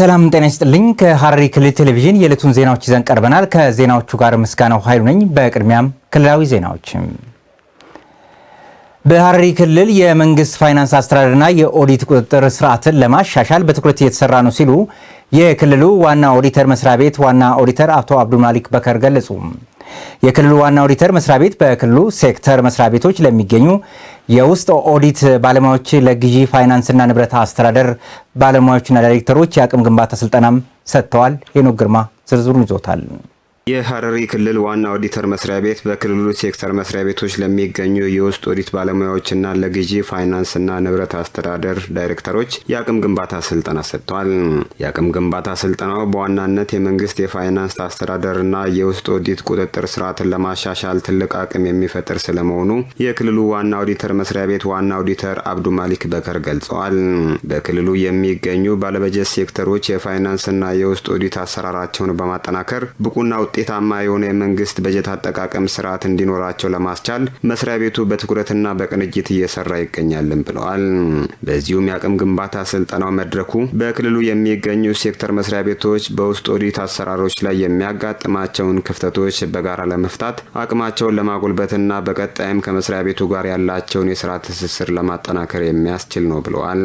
ሰላም ጤና ይስጥልኝ። ከሐረሪ ክልል ቴሌቪዥን የዕለቱን ዜናዎች ይዘን ቀርበናል። ከዜናዎቹ ጋር ምስጋናው ኃይሉ ነኝ። በቅድሚያም ክልላዊ ዜናዎች። በሐረሪ ክልል የመንግስት ፋይናንስ አስተዳደርና የኦዲት ቁጥጥር ስርዓትን ለማሻሻል በትኩረት እየተሰራ ነው ሲሉ የክልሉ ዋና ኦዲተር መስሪያ ቤት ዋና ኦዲተር አቶ አብዱልማሊክ በከር ገለጹ። የክልሉ ዋና ኦዲተር መስሪያ ቤት በክልሉ ሴክተር መስሪያ ቤቶች ለሚገኙ የውስጥ ኦዲት ባለሙያዎች ለግዢ ፋይናንስና ንብረት አስተዳደር ባለሙያዎችና ዳይሬክተሮች የአቅም ግንባታ ስልጠናም ሰጥተዋል። ሄኖክ ግርማ ዝርዝሩን ይዞታል። የሐረሪ ክልል ዋና ኦዲተር መስሪያ ቤት በክልሉ ሴክተር መስሪያ ቤቶች ለሚገኙ የውስጥ ኦዲት ባለሙያዎችና ለግዢ ፋይናንስና ንብረት አስተዳደር ዳይሬክተሮች የአቅም ግንባታ ስልጠና ሰጥተዋል። የአቅም ግንባታ ስልጠናው በዋናነት የመንግስት የፋይናንስ አስተዳደርና የውስጥ ኦዲት ቁጥጥር ስርዓትን ለማሻሻል ትልቅ አቅም የሚፈጥር ስለመሆኑ የክልሉ ዋና ኦዲተር መስሪያ ቤት ዋና ኦዲተር አብዱ ማሊክ በከር ገልጸዋል። በክልሉ የሚገኙ ባለበጀት ሴክተሮች የፋይናንስና የውስጥ ኦዲት አሰራራቸውን በማጠናከር ብቁና ውጤ ውጤታማ የሆነ የመንግስት በጀት አጠቃቀም ስርዓት እንዲኖራቸው ለማስቻል መስሪያ ቤቱ በትኩረትና በቅንጅት እየሰራ ይገኛልን ብለዋል። በዚሁም የአቅም ግንባታ ስልጠናው መድረኩ በክልሉ የሚገኙ ሴክተር መስሪያ ቤቶች በውስጥ ኦዲት አሰራሮች ላይ የሚያጋጥማቸውን ክፍተቶች በጋራ ለመፍታት አቅማቸውን ለማጎልበትና በቀጣይም ከመስሪያ ቤቱ ጋር ያላቸውን የስራ ትስስር ለማጠናከር የሚያስችል ነው ብለዋል።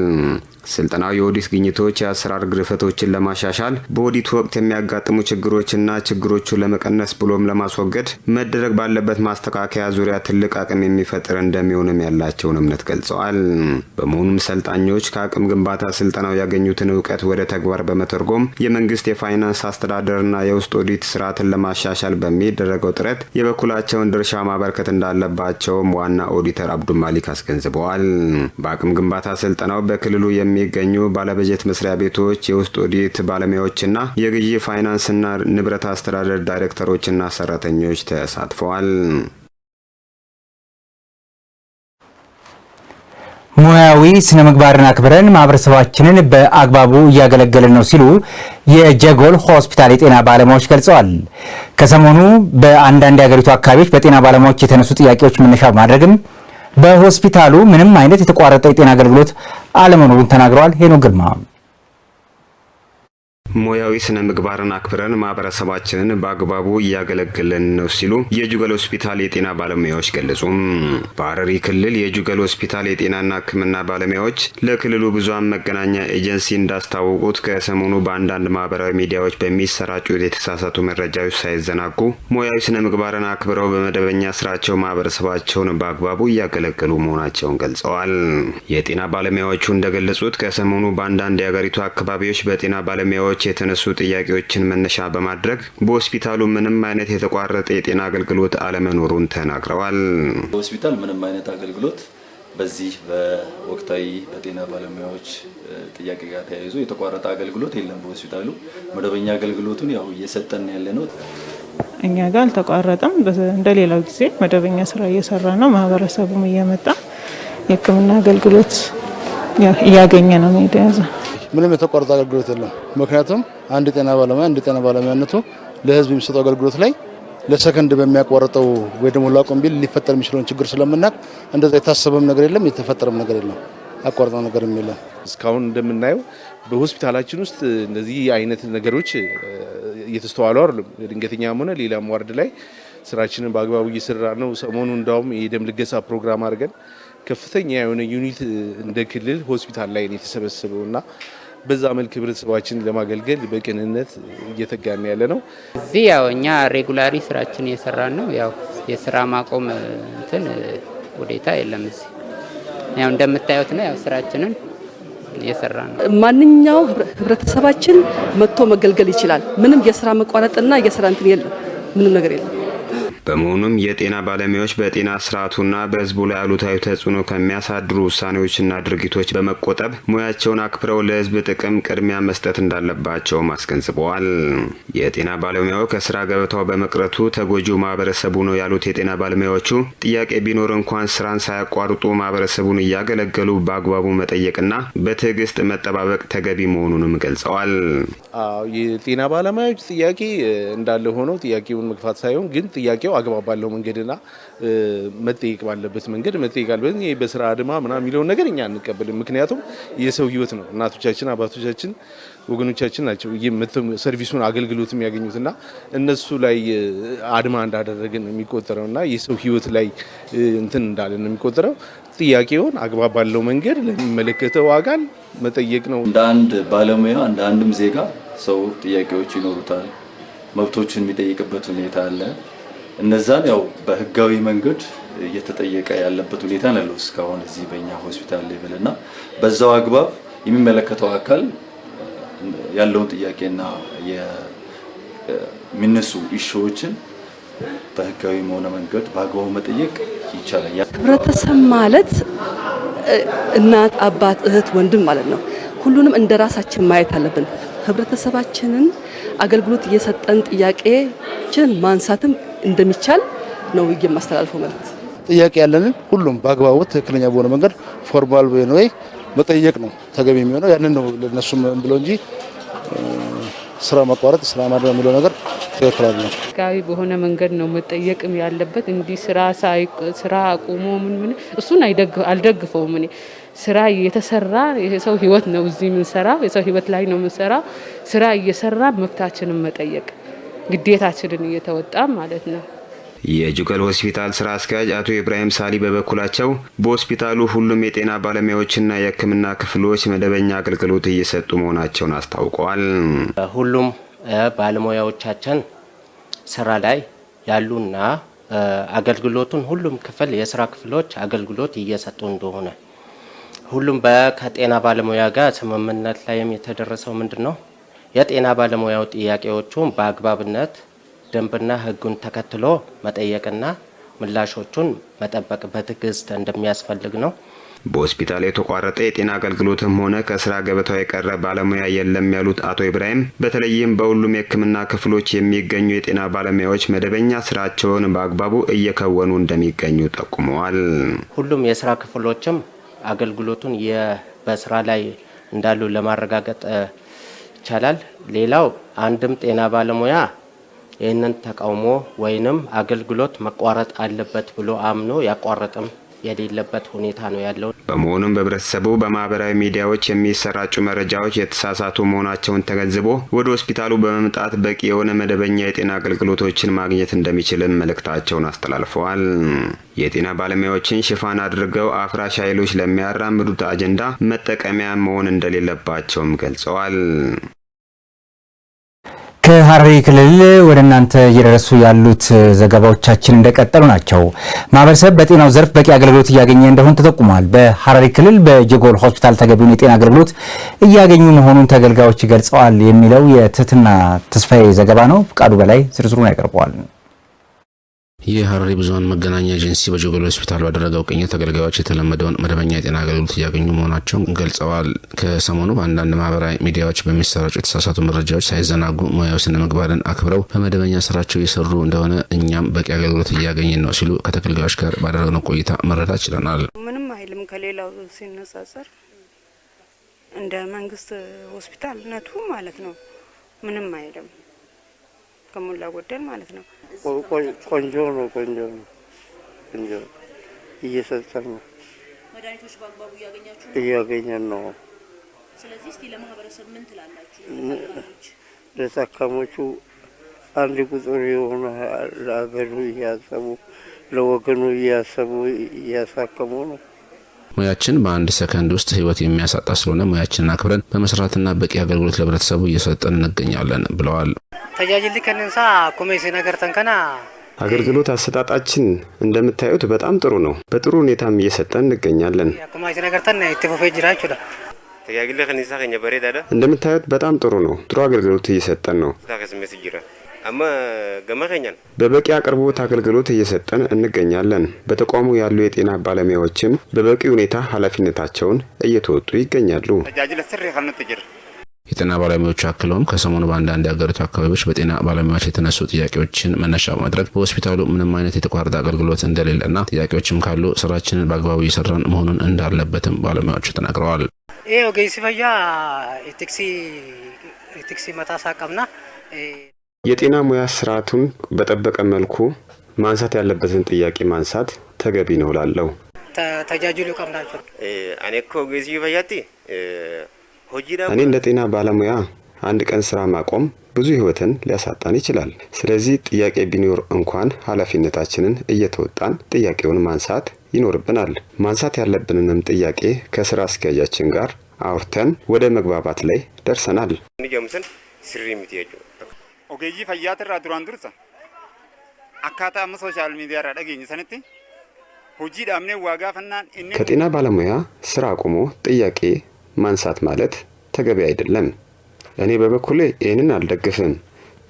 ስልጠናው የኦዲት ግኝቶች የአሰራር ግርፈቶችን ለማሻሻል በኦዲት ወቅት የሚያጋጥሙ ችግሮችና ችግሮቹ ችግሮቹን ለመቀነስ ብሎም ለማስወገድ መደረግ ባለበት ማስተካከያ ዙሪያ ትልቅ አቅም የሚፈጥር እንደሚሆንም ያላቸውን እምነት ገልጸዋል። በመሆኑም ሰልጣኞች ከአቅም ግንባታ ስልጠናው ያገኙትን እውቀት ወደ ተግባር በመተርጎም የመንግስት የፋይናንስ አስተዳደርና የውስጥ ኦዲት ስርዓትን ለማሻሻል በሚደረገው ጥረት የበኩላቸውን ድርሻ ማበርከት እንዳለባቸውም ዋና ኦዲተር አብዱማሊክ አስገንዝበዋል። በአቅም ግንባታ ስልጠናው በክልሉ የሚገኙ ባለበጀት መስሪያ ቤቶች የውስጥ ኦዲት ባለሙያዎችና የግዢ ፋይናንስና ንብረት አስተዳደር ዳይሬክተሮችና ሰራተኞች ተሳትፈዋል። ሙያዊ ስነ ምግባርን አክብረን ማህበረሰባችንን በአግባቡ እያገለገልን ነው ሲሉ የጀጎል ሆስፒታል የጤና ባለሙያዎች ገልጸዋል። ከሰሞኑ በአንዳንድ የሀገሪቱ አካባቢዎች በጤና ባለሙያዎች የተነሱ ጥያቄዎች መነሻ በማድረግም በሆስፒታሉ ምንም አይነት የተቋረጠ የጤና አገልግሎት አለመኖሩን ተናግረዋል። ሄኖ ግርማ ሙያዊ ስነ ምግባርን አክብረን ማህበረሰባችንን በአግባቡ እያገለገለን ነው ሲሉ የጁገል ሆስፒታል የጤና ባለሙያዎች ገለጹ። በሐረሪ ክልል የጁገል ሆስፒታል የጤናና ሕክምና ባለሙያዎች ለክልሉ ብዙሃን መገናኛ ኤጀንሲ እንዳስታወቁት ከሰሞኑ በአንዳንድ ማህበራዊ ሚዲያዎች በሚሰራጩት የተሳሳቱ መረጃዎች ሳይዘናጉ ሙያዊ ስነ ምግባርን አክብረው በመደበኛ ስራቸው ማህበረሰባቸውን በአግባቡ እያገለገሉ መሆናቸውን ገልጸዋል። የጤና ባለሙያዎቹ እንደገለጹት ከሰሞኑ በአንዳንድ የአገሪቱ አካባቢዎች በጤና ባለሙያዎች የተነሱ ጥያቄዎችን መነሻ በማድረግ በሆስፒታሉ ምንም አይነት የተቋረጠ የጤና አገልግሎት አለመኖሩን ተናግረዋል። በሆስፒታል ምንም አይነት አገልግሎት በዚህ በወቅታዊ በጤና ባለሙያዎች ጥያቄ ጋር ተያይዞ የተቋረጠ አገልግሎት የለም። በሆስፒታሉ መደበኛ አገልግሎቱን ያው እየሰጠን ያለ ነው። እኛ ጋር አልተቋረጠም። እንደሌላው ጊዜ መደበኛ ስራ እየሰራ ነው። ማህበረሰቡም እየመጣ የህክምና አገልግሎት እያገኘ ነው። ሜዲያ ምንም የተቋረጠ አገልግሎት የለም። ምክንያቱም አንድ ጤና ባለሙያ እንደ ጤና ባለሙያነቱ ለህዝብ የሚሰጠው አገልግሎት ላይ ለሰከንድ በሚያቋርጠው ወይ ደግሞ ላቆም ቢል ሊፈጠር የሚችለውን ችግር ስለምናቅ እንደዛ የታሰበም ነገር የለም፣ የተፈጠረም ነገር የለም፣ አቋርጠው ነገር የለም። እስካሁን እንደምናየው በሆስፒታላችን ውስጥ እነዚህ አይነት ነገሮች እየተስተዋሉ አይደሉም። ድንገተኛም ሆነ ሌላም ዋርድ ላይ ስራችንን በአግባቡ እየሰራ ነው። ሰሞኑ እንዳውም የደም ልገሳ ፕሮግራም አድርገን ከፍተኛ የሆነ ዩኒት እንደ ክልል ሆስፒታል ላይ ነው የተሰበሰበው እና በዛ መልክ ህብረተሰባችን ለማገልገል በቅንነት እየተጋነ ያለ ነው። እዚህ ያው እኛ ሬጉላሪ ስራችን እየሰራን ነው። ያው የስራ ማቆም እንትን ውዴታ የለም። እዚህ ያው እንደምታዩት ነው። ያው ስራችንን እየሰራ ነው። ማንኛው ህብረተሰባችን መጥቶ መገልገል ይችላል። ምንም የስራ መቋረጥና የስራ እንትን የለም። ምንም ነገር የለም። በመሆኑም የጤና ባለሙያዎች በጤና ስርዓቱና በህዝቡ ላይ አሉታዊ ተጽዕኖ ከሚያሳድሩ ውሳኔዎችና ድርጊቶች በመቆጠብ ሙያቸውን አክብረው ለህዝብ ጥቅም ቅድሚያ መስጠት እንዳለባቸውም አስገንዝበዋል። የጤና ባለሙያው ከስራ ገበታው በመቅረቱ ተጎጂው ማህበረሰቡ ነው ያሉት የጤና ባለሙያዎቹ ጥያቄ ቢኖር እንኳን ስራን ሳያቋርጡ ማህበረሰቡን እያገለገሉ በአግባቡ መጠየቅና በትዕግስት መጠባበቅ ተገቢ መሆኑንም ገልጸዋል። የጤና ባለሙያዎች ጥያቄ እንዳለ ሆኖ ጥያቄውን መግፋት ሳይሆን ግን ጥያቄው አግባብ ባለው መንገድና መጠየቅ ባለበት መንገድ መጠየቅ አለበት። ይሄ በስራ አድማ ምናምን የሚለውን ነገር እኛ አንቀበልም። ምክንያቱም የሰው ህይወት ነው። እናቶቻችን፣ አባቶቻችን፣ ወገኖቻችን ናቸው ሰርቪሱን አገልግሎት የሚያገኙት እና እነሱ ላይ አድማ እንዳደረግን የሚቆጠረው እና የሰው ህይወት ላይ እንትን እንዳለን የሚቆጠረው ጥያቄውን አግባብ ባለው መንገድ ለሚመለከተው አካል መጠየቅ ነው። እንደ አንድ ባለሙያ እንደ አንድም ዜጋ ሰው ጥያቄዎች ይኖሩታል። መብቶችን የሚጠይቅበት ሁኔታ አለ። እነዛን ያው በህጋዊ መንገድ እየተጠየቀ ያለበት ሁኔታ ነው ያለው እስካሁን እዚህ በእኛ ሆስፒታል ሌቭል እና በዛው አግባብ የሚመለከተው አካል ያለውን ጥያቄና የሚነሱ ኢሹዎችን በህጋዊ መሆነ መንገድ በአግባቡ መጠየቅ ይቻላል። ህብረተሰብ ማለት እናት፣ አባት፣ እህት፣ ወንድም ማለት ነው። ሁሉንም እንደ ራሳችን ማየት አለብን። ህብረተሰባችንን አገልግሎት እየሰጠን ጥያቄችን ማንሳትም እንደሚቻል ነው የማስተላልፈው መልእክት። ጥያቄ ያለንን ሁሉም በአግባቡ ትክክለኛ በሆነ መንገድ ፎርማል ወይ መጠየቅ ነው ተገቢ የሚሆነው ያንን ነው ለነሱም ብለው እንጂ ስራ ማቋረጥ ስራ ማድረግ የሚለው ነገር ትክክል ነው። ህጋዊ በሆነ መንገድ ነው መጠየቅም ያለበት። እንዲህ ስራ ስራ አቁሞ ምን ምን እሱን አልደግፈውም እኔ ስራ የተሰራ የሰው ህይወት ነው እዚህ የምንሰራው የሰው ህይወት ላይ ነው የምንሰራው። ስራ እየሰራ መብታችንን መጠየቅ ግዴታችንን እየተወጣ ማለት ነው። የጁገል ሆስፒታል ስራ አስኪያጅ አቶ ኢብራሂም ሳሊ በበኩላቸው በሆስፒታሉ ሁሉም የጤና ባለሙያዎችና የሕክምና ክፍሎች መደበኛ አገልግሎት እየሰጡ መሆናቸውን አስታውቀዋል። ሁሉም ባለሙያዎቻችን ስራ ላይ ያሉና አገልግሎቱን ሁሉም ክፍል የስራ ክፍሎች አገልግሎት እየሰጡ እንደሆነ ሁሉም ከጤና ባለሙያ ጋር ስምምነት ላይም የተደረሰው ምንድን ነው የጤና ባለሙያው ጥያቄዎቹን በአግባብነት ደንብና ሕጉን ተከትሎ መጠየቅና ምላሾቹን መጠበቅ በትዕግስት እንደሚያስፈልግ ነው። በሆስፒታል የተቋረጠ የጤና አገልግሎትም ሆነ ከስራ ገበታው የቀረ ባለሙያ የለም ያሉት አቶ ኢብራሂም በተለይም በሁሉም የህክምና ክፍሎች የሚገኙ የጤና ባለሙያዎች መደበኛ ስራቸውን በአግባቡ እየከወኑ እንደሚገኙ ጠቁመዋል። ሁሉም የስራ ክፍሎችም አገልግሎቱን በስራ ላይ እንዳሉ ለማረጋገጥ ይቻላል። ሌላው አንድም ጤና ባለሙያ ይህንን ተቃውሞ ወይንም አገልግሎት መቋረጥ አለበት ብሎ አምኖ ያቋረጥም የሌለበት ሁኔታ ነው ያለው። በመሆኑም በህብረተሰቡ በማህበራዊ ሚዲያዎች የሚሰራጩ መረጃዎች የተሳሳቱ መሆናቸውን ተገንዝቦ ወደ ሆስፒታሉ በመምጣት በቂ የሆነ መደበኛ የጤና አገልግሎቶችን ማግኘት እንደሚችልም መልእክታቸውን አስተላልፈዋል። የጤና ባለሙያዎችን ሽፋን አድርገው አፍራሽ ኃይሎች ለሚያራምዱት አጀንዳ መጠቀሚያ መሆን እንደሌለባቸውም ገልጸዋል። ከሐረሪ ክልል ወደ እናንተ እየደረሱ ያሉት ዘገባዎቻችን እንደቀጠሉ ናቸው። ማህበረሰብ በጤናው ዘርፍ በቂ አገልግሎት እያገኘ እንደሆን ተጠቁሟል። በሐረሪ ክልል በጀጎል ሆስፒታል ተገቢውን የጤና አገልግሎት እያገኙ መሆኑን ተገልጋዮች ገልጸዋል የሚለው የትህትና ተስፋዬ ዘገባ ነው። ፍቃዱ በላይ ዝርዝሩን ያቀርበዋል። የሀረሪ ብዙሀን መገናኛ ኤጀንሲ በጆገሌ ሆስፒታል ባደረገው ቅኝት ተገልጋዮች የተለመደውን መደበኛ የጤና አገልግሎት እያገኙ መሆናቸውን ገልጸዋል። ከሰሞኑ በአንዳንድ ማህበራዊ ሚዲያዎች በሚሰራጩ የተሳሳቱ መረጃዎች ሳይዘናጉ ሙያዊ ስነ ምግባርን አክብረው በመደበኛ ስራቸው እየሰሩ እንደሆነ እኛም በቂ አገልግሎት እያገኝን ነው ሲሉ ከተገልጋዮች ጋር ባደረግነው ቆይታ መረዳት ችለናል። ምንም አይልም ከሌላው ሲነጻጸር እንደ መንግስት ሆስፒታልነቱ ማለት ነው ምንም አይልም ከሞላ ጎደል ማለት ነው። ቆንጆ ነው፣ ቆንጆ ነው፣ ቆንጆ እየሰጠን ነው። መድኃኒቶች በአግባቡ እያገኛችሁ እያገኘን ነው። ስለዚህ እስቲ ለማህበረሰብ ምን ትላላችሁ? ለታካሞቹ አንድ ቁጥር የሆነ ለአገሩ እያሰቡ ለወገኑ እያሰቡ እያሳከሙ ነው። ሙያችን በአንድ ሰከንድ ውስጥ ህይወት የሚያሳጣ ስለሆነ ሙያችንን አክብረን በመስራትና በቂ አገልግሎት ለህብረተሰቡ እየሰጠን እንገኛለን ብለዋል። ተጃጅል ከንንሳ ኩሜሴ ነገር ተንከና አገልግሎት አሰጣጣችን እንደምታዩት በጣም ጥሩ ነው። በጥሩ ሁኔታም እየሰጠን እንገኛለን። ኩሜሴ ነገር ተና ይተፈፈ ጅራችሁ ዳ ተጃጅል ከኛ በሬዳ ዳ እንደምታዩት በጣም ጥሩ ነው። ጥሩ አገልግሎት እየሰጠን ነው። ታከስመስ ጅራ አማ ገመኸኛል በበቂ አቅርቦት አገልግሎት እየሰጠን እንገኛለን። በተቋሙ ያሉ የጤና ባለሙያዎችም በበቂ ሁኔታ ኃላፊነታቸውን እየተወጡ ይገኛሉ። ተጃጅል ስሪ የጤና ባለሙያዎቹ አክለውም ከሰሞኑ በአንዳንድ የሀገሪቱ አካባቢዎች በጤና ባለሙያዎች የተነሱ ጥያቄዎችን መነሻ በማድረግ በሆስፒታሉ ምንም አይነት የተቋረጠ አገልግሎት እንደሌለና ጥያቄዎችም ካሉ ስራችንን በአግባቡ እየሰራን መሆኑን እንዳለበትም ባለሙያዎቹ ተናግረዋል። ይህ ወገኝ ሲፈያ ቴክሲ መታሳ የጤና ሙያ ስርዓቱን በጠበቀ መልኩ ማንሳት ያለበትን ጥያቄ ማንሳት ተገቢ ነው ላለው ተጃጅሉ ቀምናቸው አኔኮ ጊዜ ፈያቲ እኔ እንደ ጤና ባለሙያ አንድ ቀን ስራ ማቆም ብዙ ህይወትን ሊያሳጣን ይችላል። ስለዚህ ጥያቄ ቢኖር እንኳን ኃላፊነታችንን እየተወጣን ጥያቄውን ማንሳት ይኖርብናል። ማንሳት ያለብንንም ጥያቄ ከስራ አስኪያጃችን ጋር አውርተን ወደ መግባባት ላይ ደርሰናል። ፈያትራ ዱራን ዱርሳ አካታ ሶሻል ሚዲያ ከጤና ባለሙያ ስራ አቁሞ ጥያቄ ማንሳት ማለት ተገቢ አይደለም። እኔ በበኩሌ ይህንን አልደግፍም።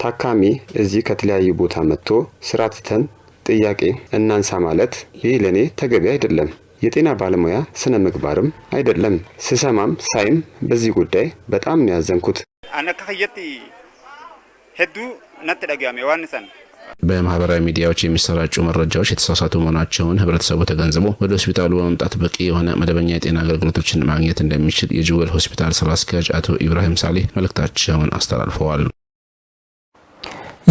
ታካሚ እዚህ ከተለያዩ ቦታ መጥቶ ስራ ትተን ጥያቄ እናንሳ ማለት ይህ ለእኔ ተገቢ አይደለም። የጤና ባለሙያ ስነ ምግባርም አይደለም። ስሰማም ሳይም በዚህ ጉዳይ በጣም ነው ያዘንኩት። አነካየት ሄዱ ነት ዋንሰን በማህበራዊ ሚዲያዎች የሚሰራጩ መረጃዎች የተሳሳቱ መሆናቸውን ህብረተሰቡ ተገንዝቦ ወደ ሆስፒታሉ በመምጣት በቂ የሆነ መደበኛ የጤና አገልግሎቶችን ማግኘት እንደሚችል የጅወል ሆስፒታል ስራ አስኪያጅ አቶ ኢብራሂም ሳሌህ መልእክታቸውን አስተላልፈዋል።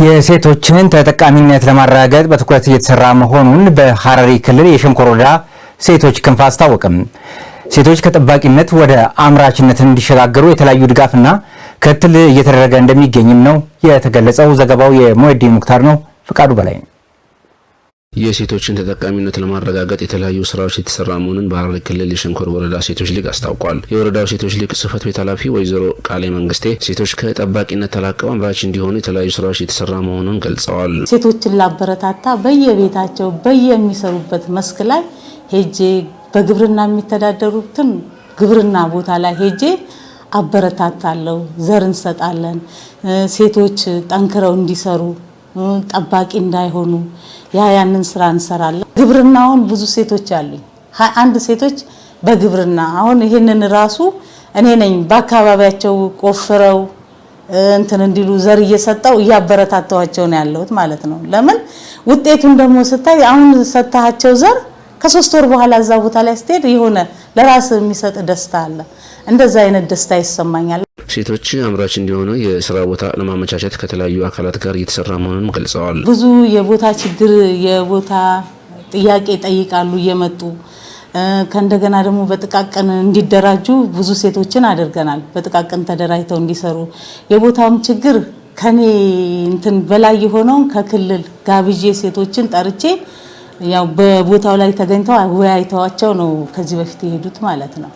የሴቶችን ተጠቃሚነት ለማረጋገጥ በትኩረት እየተሰራ መሆኑን በሐረሪ ክልል የሸንኮር ወረዳ ሴቶች ክንፍ አስታወቅም። ሴቶች ከጠባቂነት ወደ አምራችነት እንዲሸጋገሩ የተለያዩ ድጋፍና ክትል እየተደረገ እንደሚገኝም ነው የተገለጸው። ዘገባው የሞዲ ሙክታር ነው። ፍቃዱ በላይ ነው። የሴቶችን ተጠቃሚነት ለማረጋገጥ የተለያዩ ስራዎች የተሰራ መሆኑን በሐረሪ ክልል የሸንኮር ወረዳ ሴቶች ሊግ አስታውቋል። የወረዳው ሴቶች ሊግ ጽህፈት ቤት ኃላፊ ወይዘሮ ቃሌ መንግስቴ ሴቶች ከጠባቂነት ተላቀው አምራች እንዲሆኑ የተለያዩ ስራዎች የተሰራ መሆኑን ገልጸዋል። ሴቶችን ላበረታታ በየቤታቸው በየሚሰሩበት መስክ ላይ ሄጄ በግብርና የሚተዳደሩትን ግብርና ቦታ ላይ ሄጄ አበረታታለሁ። ዘር እንሰጣለን። ሴቶች ጠንክረው እንዲሰሩ ጠባቂ እንዳይሆኑ ያ ያንን ስራ እንሰራለን። ግብርናውን ብዙ ሴቶች አሉኝ፣ ሀያ አንድ ሴቶች በግብርና አሁን ይህንን ራሱ እኔ ነኝ በአካባቢያቸው ቆፍረው እንትን እንዲሉ ዘር እየሰጠው እያበረታተዋቸው ነው ያለሁት ማለት ነው። ለምን ውጤቱን ደግሞ ስታይ አሁን ሰታቸው ዘር ከሶስት ወር በኋላ እዛ ቦታ ላይ ስትሄድ የሆነ ለራስ የሚሰጥ ደስታ አለ። እንደዛ አይነት ደስታ ይሰማኛል። ሴቶች አምራች እንዲሆኑ የስራ ቦታ ለማመቻቸት ከተለያዩ አካላት ጋር እየተሰራ መሆኑን ገልጸዋል። ብዙ የቦታ ችግር የቦታ ጥያቄ ይጠይቃሉ እየመጡ ከእንደገና ደግሞ በጥቃቅን እንዲደራጁ ብዙ ሴቶችን አድርገናል። በጥቃቅን ተደራጅተው እንዲሰሩ የቦታውም ችግር ከኔ እንትን በላይ የሆነውን ከክልል ጋብዤ ሴቶችን ጠርቼ ያው በቦታው ላይ ተገኝተው አወያይተዋቸው ነው ከዚህ በፊት የሄዱት ማለት ነው።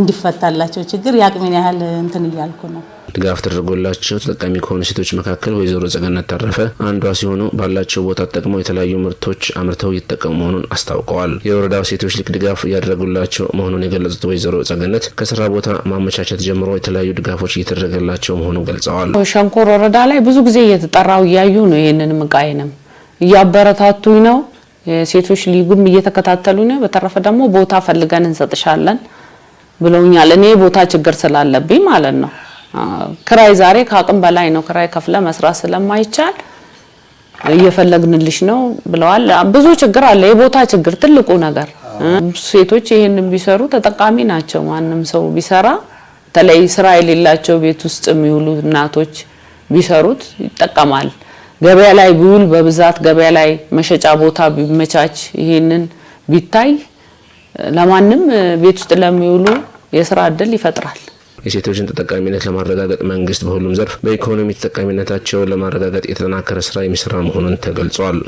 እንዲፈታላቸው ችግር የአቅሜን ያህል እንትን እያልኩ ነው። ድጋፍ ተደርጎላቸው ተጠቃሚ ከሆኑ ሴቶች መካከል ወይዘሮ ጸገነት ተረፈ አንዷ ሲሆኑ ባላቸው ቦታ ተጠቅመው የተለያዩ ምርቶች አምርተው እየተጠቀሙ መሆኑን አስታውቀዋል። የወረዳው ሴቶች ልቅ ድጋፍ እያደረጉላቸው መሆኑን የገለጹት ወይዘሮ ጸገነት ከስራ ቦታ ማመቻቸት ጀምሮ የተለያዩ ድጋፎች እየተደረገላቸው መሆኑን ገልጸዋል። ሸንኮር ወረዳ ላይ ብዙ ጊዜ እየተጠራው እያዩ ነው። ይህንን ምቃይንም እያበረታቱኝ ነው። ሴቶች ሊጉም እየተከታተሉ ነው። በተረፈ ደግሞ ቦታ ፈልገን እንሰጥሻለን ብለውኛል። እኔ ቦታ ችግር ስላለብኝ ማለት ነው። ክራይ ዛሬ ከአቅም በላይ ነው። ክራይ ከፍለ መስራት ስለማይቻል እየፈለግንልሽ ነው ብለዋል። ብዙ ችግር አለ። የቦታ ችግር ትልቁ ነገር። ሴቶች ይሄንን ቢሰሩ ተጠቃሚ ናቸው። ማንም ሰው ቢሰራ በተለይ ስራ የሌላቸው ቤት ውስጥ የሚውሉ እናቶች ቢሰሩት ይጠቀማል። ገበያ ላይ ቢውል በብዛት ገበያ ላይ መሸጫ ቦታ ቢመቻች፣ ይሄንን ቢታይ ለማንም ቤት ውስጥ ለሚውሉ የስራ እድል ይፈጥራል። የሴቶችን ተጠቃሚነት ለማረጋገጥ መንግስት በሁሉም ዘርፍ በኢኮኖሚ ተጠቃሚነታቸውን ለማረጋገጥ የተጠናከረ ስራ የሚሰራ መሆኑን ተገልጿል።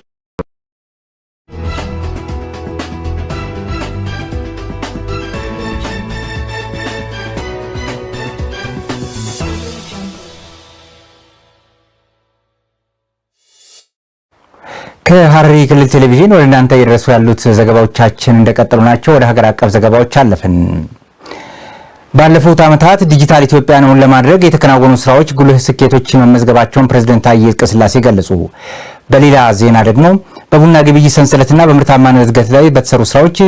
ከሐረሪ ክልል ቴሌቪዥን ወደ እናንተ እየደረሱ ያሉት ዘገባዎቻችን እንደቀጠሉ ናቸው። ወደ ሀገር አቀፍ ዘገባዎች አለፍን። ባለፉት ዓመታት ዲጂታል ኢትዮጵያን እውን ለማድረግ የተከናወኑ ስራዎች ጉልህ ስኬቶች መመዝገባቸውን ፕሬዝደንት ታዬ አጽቀሥላሴ ገለጹ። በሌላ ዜና ደግሞ በቡና ግብይት ሰንሰለትና በምርታማነት እድገት ላይ በተሰሩ ስራዎች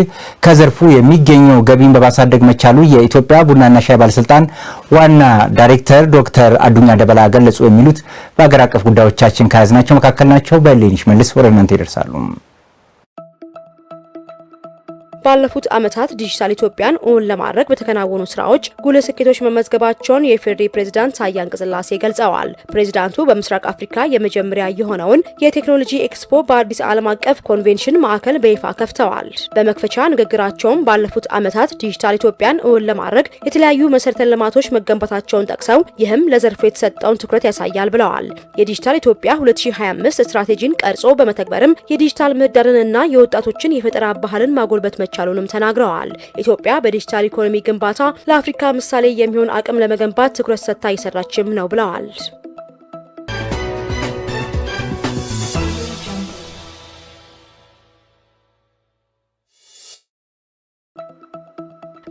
ከዘርፉ የሚገኘው ገቢን በማሳደግ መቻሉ የኢትዮጵያ ቡናና ሻይ ባለስልጣን ዋና ዳይሬክተር ዶክተር አዱኛ ደበላ ገለጹ። የሚሉት በሀገር አቀፍ ጉዳዮቻችን ከያዝናቸው መካከል ናቸው። በሌኒሽ መልስ ወደ እናንተ ይደርሳሉ። ባለፉት ዓመታት ዲጂታል ኢትዮጵያን እውን ለማድረግ በተከናወኑ ስራዎች ጉልህ ስኬቶች መመዝገባቸውን የኢፌዴሪ ፕሬዝዳንት ታዬ አጽቀሥላሴ ገልጸዋል። ፕሬዝዳንቱ በምስራቅ አፍሪካ የመጀመሪያ የሆነውን የቴክኖሎጂ ኤክስፖ በአዲስ ዓለም አቀፍ ኮንቬንሽን ማዕከል በይፋ ከፍተዋል። በመክፈቻ ንግግራቸውም ባለፉት ዓመታት ዲጂታል ኢትዮጵያን እውን ለማድረግ የተለያዩ መሰረተ ልማቶች መገንባታቸውን ጠቅሰው ይህም ለዘርፉ የተሰጠውን ትኩረት ያሳያል ብለዋል። የዲጂታል ኢትዮጵያ 2025 ስትራቴጂን ቀርጾ በመተግበርም የዲጂታል ምህዳርንና የወጣቶችን የፈጠራ ባህልን ማጎልበት መቻ መቻሉንም ተናግረዋል። ኢትዮጵያ በዲጂታል ኢኮኖሚ ግንባታ ለአፍሪካ ምሳሌ የሚሆን አቅም ለመገንባት ትኩረት ሰጥታ እየሰራችም ነው ብለዋል።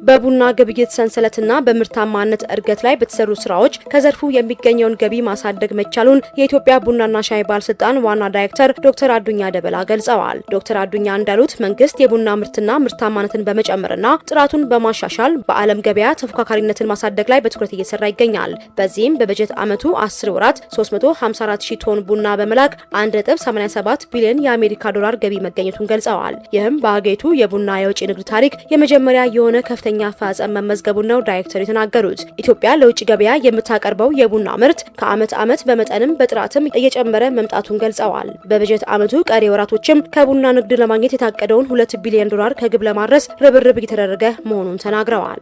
በቡና ግብይት ሰንሰለትና በምርታማነት እድገት ላይ በተሰሩ ስራዎች ከዘርፉ የሚገኘውን ገቢ ማሳደግ መቻሉን የኢትዮጵያ ቡናና ሻይ ባለስልጣን ዋና ዳይሬክተር ዶክተር አዱኛ ደበላ ገልጸዋል። ዶክተር አዱኛ እንዳሉት መንግስት የቡና ምርትና ምርታማነትን በመጨመርና ጥራቱን በማሻሻል በዓለም ገበያ ተፎካካሪነትን ማሳደግ ላይ በትኩረት እየሰራ ይገኛል። በዚህም በበጀት ዓመቱ 10 ወራት 354 ሺህ ቶን ቡና በመላክ 1.87 ቢሊዮን የአሜሪካ ዶላር ገቢ መገኘቱን ገልጸዋል። ይህም በሀገሪቱ የቡና የውጭ ንግድ ታሪክ የመጀመሪያ የሆነ ከፍተኛ ከፍተኛ አፈጻጸም መመዝገቡን ነው ዳይሬክተሩ የተናገሩት። ኢትዮጵያ ለውጭ ገበያ የምታቀርበው የቡና ምርት ከአመት አመት በመጠንም በጥራትም እየጨመረ መምጣቱን ገልጸዋል። በበጀት አመቱ ቀሪ ወራቶችም ከቡና ንግድ ለማግኘት የታቀደውን ሁለት ቢሊዮን ዶላር ከግብ ለማድረስ ርብርብ እየተደረገ መሆኑን ተናግረዋል።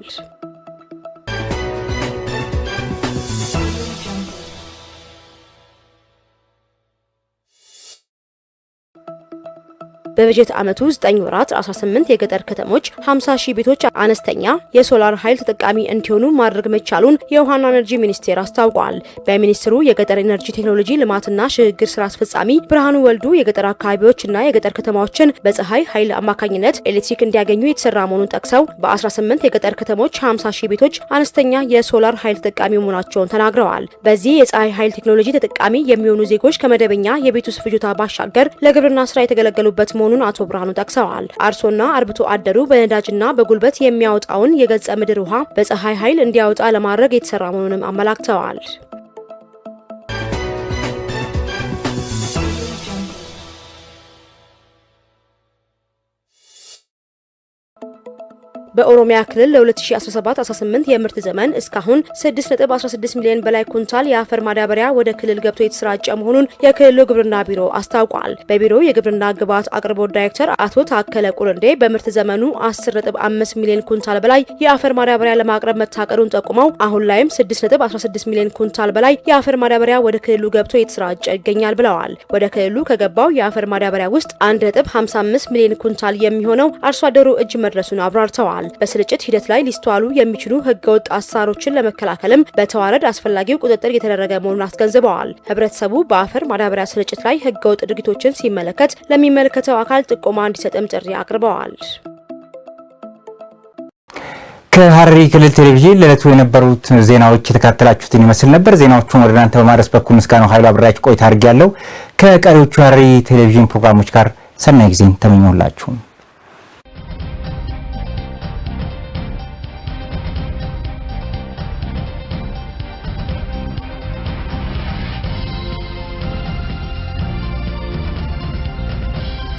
በበጀት ዓመቱ 9 ወራት 18 የገጠር ከተሞች 50 ሺህ ቤቶች አነስተኛ የሶላር ኃይል ተጠቃሚ እንዲሆኑ ማድረግ መቻሉን የውሃና ኤነርጂ ሚኒስቴር አስታውቋል። በሚኒስትሩ የገጠር ኤነርጂ ቴክኖሎጂ ልማትና ሽግግር ስራ አስፈጻሚ ብርሃኑ ወልዱ የገጠር አካባቢዎችና የገጠር ከተማዎችን በፀሐይ ኃይል አማካኝነት ኤሌክትሪክ እንዲያገኙ የተሰራ መሆኑን ጠቅሰው በ18 የገጠር ከተሞች 50 ሺህ ቤቶች አነስተኛ የሶላር ኃይል ተጠቃሚ መሆናቸውን ተናግረዋል። በዚህ የፀሐይ ኃይል ቴክኖሎጂ ተጠቃሚ የሚሆኑ ዜጎች ከመደበኛ የቤት ውስጥ ፍጆታ ባሻገር ለግብርና ስራ የተገለገሉበት መሆኑን አቶ ብርሃኑ ጠቅሰዋል። አርሶና አርብቶ አደሩ በነዳጅና በጉልበት የሚያወጣውን የገጸ ምድር ውሃ በፀሐይ ኃይል እንዲያወጣ ለማድረግ የተሰራ መሆኑንም አመላክተዋል። በኦሮሚያ ክልል ለ2017/18 የምርት ዘመን እስካሁን 6.16 ሚሊዮን በላይ ኩንታል የአፈር ማዳበሪያ ወደ ክልል ገብቶ የተሰራጨ መሆኑን የክልሉ ግብርና ቢሮ አስታውቋል። በቢሮው የግብርና ግብዓት አቅርቦት ዳይሬክተር አቶ ታከለ ቁርንዴ በምርት ዘመኑ 10.5 ሚሊዮን ኩንታል በላይ የአፈር ማዳበሪያ ለማቅረብ መታቀዱን ጠቁመው አሁን ላይም 6.16 ሚሊዮን ኩንታል በላይ የአፈር ማዳበሪያ ወደ ክልሉ ገብቶ የተሰራጨ ይገኛል ብለዋል። ወደ ክልሉ ከገባው የአፈር ማዳበሪያ ውስጥ 1.55 ሚሊዮን ኩንታል የሚሆነው አርሶ አደሩ እጅ መድረሱን አብራርተዋል። ተናግረዋል። በስርጭት ሂደት ላይ ሊስተዋሉ የሚችሉ ህገወጥ አሰራሮችን ለመከላከልም በተዋረድ አስፈላጊው ቁጥጥር የተደረገ መሆኑን አስገንዝበዋል። ህብረተሰቡ በአፈር ማዳበሪያ ስርጭት ላይ ህገወጥ ድርጊቶችን ሲመለከት ለሚመለከተው አካል ጥቆማ እንዲሰጥም ጥሪ አቅርበዋል። ከሀረሪ ክልል ቴሌቪዥን ለዕለቱ የነበሩት ዜናዎች የተከታተላችሁትን ይመስል ነበር። ዜናዎቹን ወደ እናንተ በማድረስ በኩል ምስጋናው ኃይሉ አብሬያችሁ ቆይታ አድርጌያለሁ። ከቀሪዎቹ ሀረሪ ቴሌቪዥን ፕሮግራሞች ጋር ሰናይ ጊዜን ተመኘሁላችሁ።